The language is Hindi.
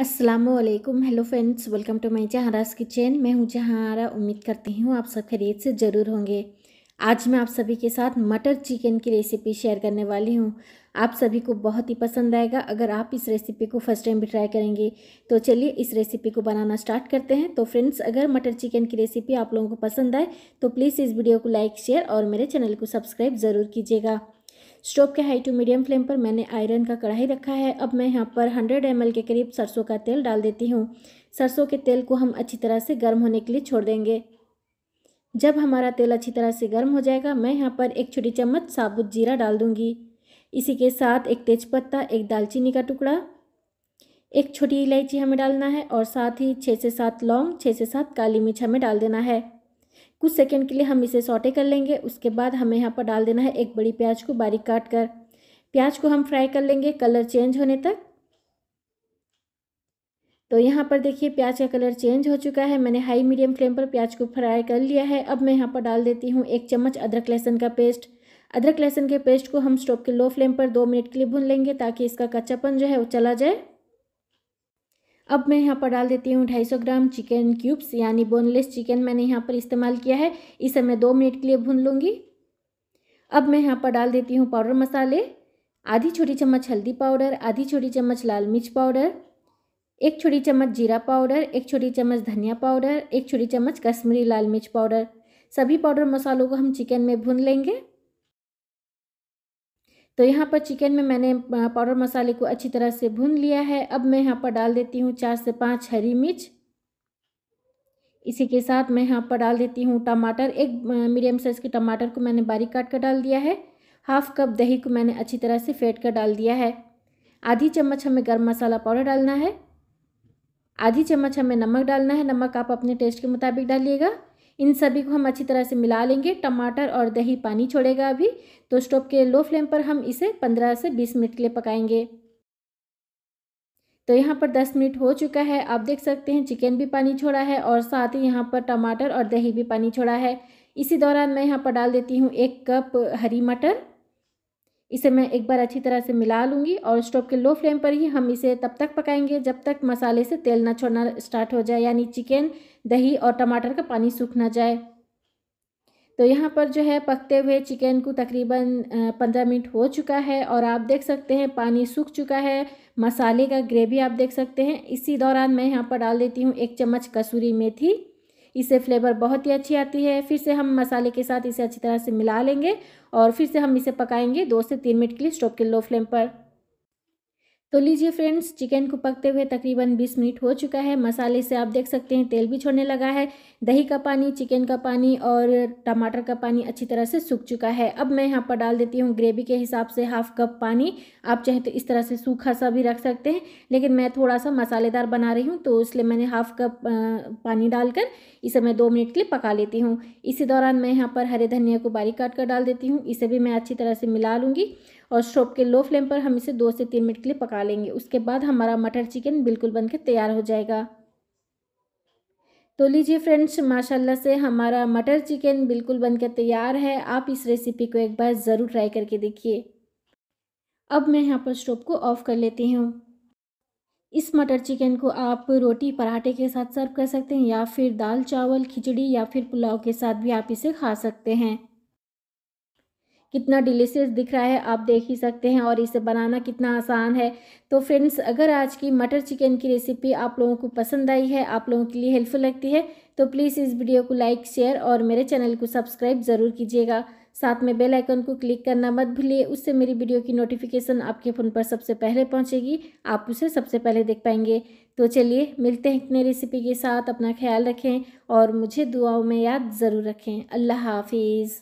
Aslam hello friends welcome to my Zahara's kitchen मैं हूँ जहारा उम्मीद करती हूँ आप सब खरीद से ज़रूर होंगे आज मैं आप सभी के साथ मटर चिकन की रेसिपी शेयर करने वाली हूँ आप सभी को बहुत ही पसंद आएगा अगर आप इस रेसिपी को फर्स्ट टाइम भी ट्राई करेंगे तो चलिए इस रेसिपी को बनाना स्टार्ट करते हैं तो फ्रेंड्स अगर मटर चिकन की रेसिपी आप लोगों को पसंद आए तो प्लीज़ इस वीडियो को लाइक शेयर और मेरे चैनल को सब्सक्राइब ज़रूर कीजिएगा स्टोव के हाई टू मीडियम फ्लेम पर मैंने आयरन का कढ़ाई रखा है अब मैं यहाँ पर 100 एम के करीब सरसों का तेल डाल देती हूँ सरसों के तेल को हम अच्छी तरह से गर्म होने के लिए छोड़ देंगे जब हमारा तेल अच्छी तरह से गर्म हो जाएगा मैं यहाँ पर एक छोटी चम्मच साबुत जीरा डाल दूँगी इसी के साथ एक तेज़पत्ता एक दालचीनी का टुकड़ा एक छोटी इलायची हमें डालना है और साथ ही छः से सात लौंग छः से सात काली मिर्च हमें डाल देना है कुछ सेकंड के लिए हम इसे सौटे कर लेंगे उसके बाद हमें यहाँ पर डाल देना है एक बड़ी प्याज को बारीक काट कर प्याज को हम फ्राई कर लेंगे कलर चेंज होने तक तो यहाँ पर देखिए प्याज का कलर चेंज हो चुका है मैंने हाई मीडियम फ्लेम पर प्याज को फ्राई कर लिया है अब मैं यहाँ पर डाल देती हूँ एक चम्मच अदरक लहसुन का पेस्ट अदरक लहसुन के पेस्ट को हम स्टोव के लो फ्लेम पर दो मिनट के लिए भून लेंगे ताकि इसका कच्चापन जो है वो चला जाए अब मैं यहाँ पर डाल देती हूँ 250 ग्राम चिकन क्यूब्स यानी बोनलेस चिकन मैंने यहाँ पर इस्तेमाल किया है इसे मैं दो मिनट के लिए भून लूँगी अब मैं यहाँ पर डाल देती हूँ पाउडर मसाले आधी छोटी चम्मच हल्दी पाउडर आधी छोटी चम्मच लाल मिर्च पाउडर एक छोटी चम्मच जीरा पाउडर एक छोटी चम्मच धनिया पाउडर एक छोटी चम्मच कश्मीरी लाल मिर्च पाउडर सभी पाउडर मसालों को हम चिकन में भून लेंगे तो यहाँ पर चिकन में मैंने पाउडर मसाले को अच्छी तरह से भून लिया है अब मैं यहाँ पर डाल देती हूँ चार से पाँच हरी मिर्च इसी के साथ मैं यहाँ पर डाल देती हूँ टमाटर एक मीडियम साइज़ के टमाटर को मैंने बारीक काट कर डाल दिया है हाफ कप दही को मैंने अच्छी तरह से फेंट कर डाल दिया है आधी चम्मच हमें गर्म मसाला पाउडर डालना है आधी चम्मच हमें नमक डालना है नमक आप अपने टेस्ट के मुताबिक डालिएगा इन सभी को हम अच्छी तरह से मिला लेंगे टमाटर और दही पानी छोड़ेगा अभी तो स्टोव के लो फ्लेम पर हम इसे पंद्रह से बीस मिनट के लिए पकाएंगे तो यहाँ पर दस मिनट हो चुका है आप देख सकते हैं चिकन भी पानी छोड़ा है और साथ ही यहाँ पर टमाटर और दही भी पानी छोड़ा है इसी दौरान मैं यहाँ पर डाल देती हूँ एक कप हरी मटर इसे मैं एक बार अच्छी तरह से मिला लूँगी और स्टोव के लो फ्लेम पर ही हम इसे तब तक पकाएंगे जब तक मसाले से तेल ना छोड़ना स्टार्ट हो जाए यानी चिकन दही और टमाटर का पानी सूख ना जाए तो यहाँ पर जो है पकते हुए चिकन को तकरीबन पंद्रह मिनट हो चुका है और आप देख सकते हैं पानी सूख चुका है मसाले का ग्रेवी आप देख सकते हैं इसी दौरान मैं यहाँ पर डाल देती हूँ एक चम्मच कसूरी मेथी इससे फ्लेवर बहुत ही अच्छी आती है फिर से हम मसाले के साथ इसे अच्छी तरह से मिला लेंगे और फिर से हम इसे पकाएंगे दो से तीन मिनट के लिए स्टोव के लो फ्लेम पर तो लीजिए फ्रेंड्स चिकन को पकते हुए तकरीबन 20 मिनट हो चुका है मसाले से आप देख सकते हैं तेल भी छोड़ने लगा है दही का पानी चिकन का पानी और टमाटर का पानी अच्छी तरह से सूख चुका है अब मैं यहाँ पर डाल देती हूँ ग्रेवी के हिसाब से हाफ कप पानी आप चाहे तो इस तरह से सूखा सा भी रख सकते हैं लेकिन मैं थोड़ा सा मसालेदार बना रही हूँ तो इसलिए मैंने हाफ कप पानी डालकर इसे मैं दो मिनट के लिए पका लेती हूँ इसी दौरान मैं यहाँ पर हरे धनिया को बारीक काट कर डाल देती हूँ इसे भी मैं अच्छी तरह से मिला लूँगी और स्टोव के लो फ्लेम पर हम इसे दो से तीन मिनट के लिए पका लेंगे उसके बाद हमारा मटर चिकन बिल्कुल बन के तैयार हो जाएगा तो लीजिए फ्रेंड्स माशाल्लाह से हमारा मटर चिकन बिल्कुल बनकर तैयार है आप इस रेसिपी को एक बार ज़रूर ट्राई करके देखिए अब मैं यहाँ पर स्टोव को ऑफ़ कर लेती हूँ इस मटर चिकन को आप रोटी पराठे के साथ सर्व कर सकते हैं या फिर दाल चावल खिचड़ी या फिर पुलाव के साथ भी आप इसे खा सकते हैं कितना डिलीशियस दिख रहा है आप देख ही सकते हैं और इसे बनाना कितना आसान है तो फ्रेंड्स अगर आज की मटर चिकन की रेसिपी आप लोगों को पसंद आई है आप लोगों के लिए हेल्पफुल लगती है तो प्लीज़ इस वीडियो को लाइक शेयर और मेरे चैनल को सब्सक्राइब ज़रूर कीजिएगा साथ में बेल आइकन को क्लिक करना मत भूलिए उससे मेरी वीडियो की नोटिफिकेशन आपके फ़ोन पर सबसे पहले पहुंचेगी आप उसे सबसे पहले देख पाएंगे तो चलिए मिलते हैं इतने रेसिपी के साथ अपना ख्याल रखें और मुझे दुआओं में याद ज़रूर रखें अल्लाह हाफिज़